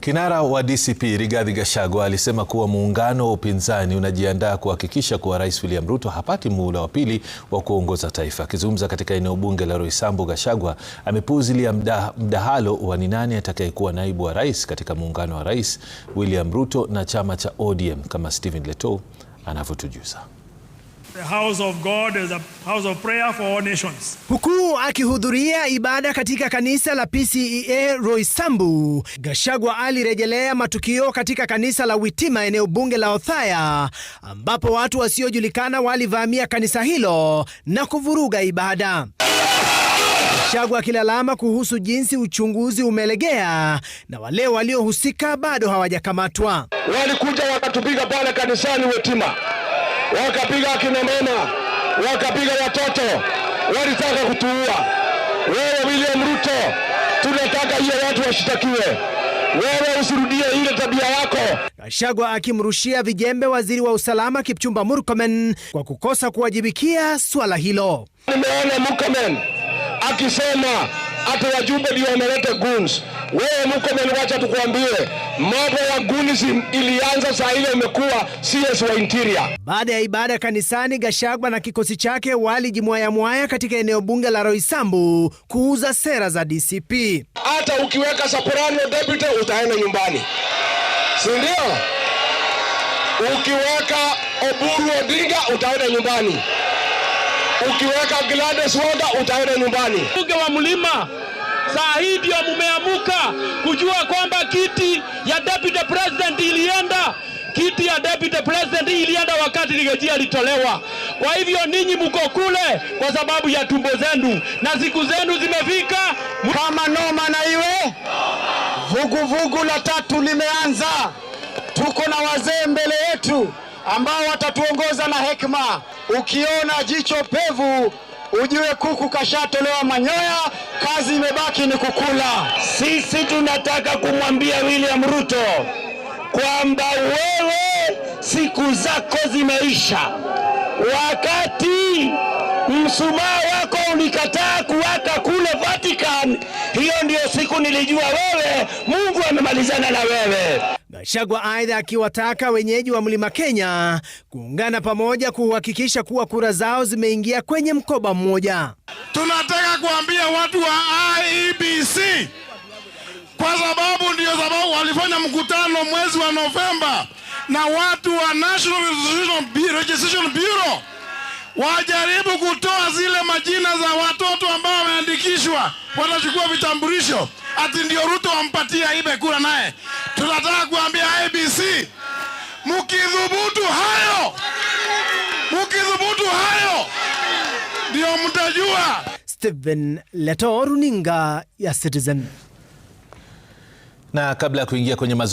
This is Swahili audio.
Kinara wa DCP Rigathi Gachagua alisema kuwa muungano wa upinzani unajiandaa kuhakikisha kuwa Rais William Ruto hapati muhula wa pili wa kuongoza taifa. Akizungumza katika eneo bunge la Roysambu, Gachagua amepuuzilia mdahalo wa ni nani atakayekuwa naibu wa rais katika muungano wa Rais William Ruto na chama cha ODM kama Stephen letou anavyotujuza. Huku akihudhuria ibada katika kanisa la PCEA Roysambu, Gachagua alirejelea matukio katika kanisa la Witima eneo bunge la Othaya ambapo watu wasiojulikana walivamia kanisa hilo na kuvuruga ibada. Gachagua akilalama kuhusu jinsi uchunguzi umelegea na wale waliohusika bado hawajakamatwa. Walikuja wakatupiga pale kanisani Witima wakapiga akina mama, wakapiga watoto, walitaka kutuua. Wewe William Ruto, tunataka hiyo watu washitakiwe. Wewe usirudie ile tabia yako. Gachagua akimrushia vijembe waziri wa usalama Kipchumba Murkomen kwa kukosa kuwajibikia swala hilo. Nimeona Murkomen akisema hata wajumbe ndio wameleta guns. Wewe mko wacha tukuambie mambo ya goons ilianza saa ile umekuwa CS wa interior. Baada ya ibada kanisani, Gashagwa na kikosi chake mwaya katika eneo bunge la Roysambu kuuza sera za DCP. Hata ukiweka Soprano deputy utaenda nyumbani, si ndio? Ukiweka Oburu Odinga utaenda nyumbani. Ukiweka Gladys Wanga utaenda nyumbani. Bunge wa mlima saa hii ndio mumeamuka kujua kwamba kiti ya deputy president ilienda, kiti ya deputy president ilienda wakati Ligeti alitolewa. Kwa hivyo ninyi mko kule kwa sababu ya tumbo zenu na siku zenu zimefika. Kama noma na iwe vuguvugu vugu la tatu limeanza, tuko na wazee mbele yetu ambao watatuongoza na hekima. Ukiona jicho pevu ujue kuku kashatolewa manyoya, kazi imebaki ni kukula. Sisi tunataka kumwambia William Ruto kwamba wewe siku zako zimeisha. Wakati msumaa wako ulikataa kuwaka kule Vatican, hiyo ndiyo siku nilijua wewe Mungu amemalizana na wewe. Gachagua aidha akiwataka wenyeji wa Mlima Kenya kuungana pamoja kuhakikisha kuwa kura zao zimeingia kwenye mkoba mmoja. Tunataka kuambia watu wa IEBC kwa sababu ndio sababu walifanya mkutano mwezi wa Novemba na watu wa National Registration Bureau wajaribu kutoa zile majina za watoto ambao wameandikishwa, watachukua vitambulisho ati ndio Ruto wampatia ibe kura naye. Tunataka kuambia ABC, mkidhubutu hayo, mkidhubutu hayo ndio mtajua. Stephen Leto, runinga ya Citizen. Na kabla ya kuingia kwenye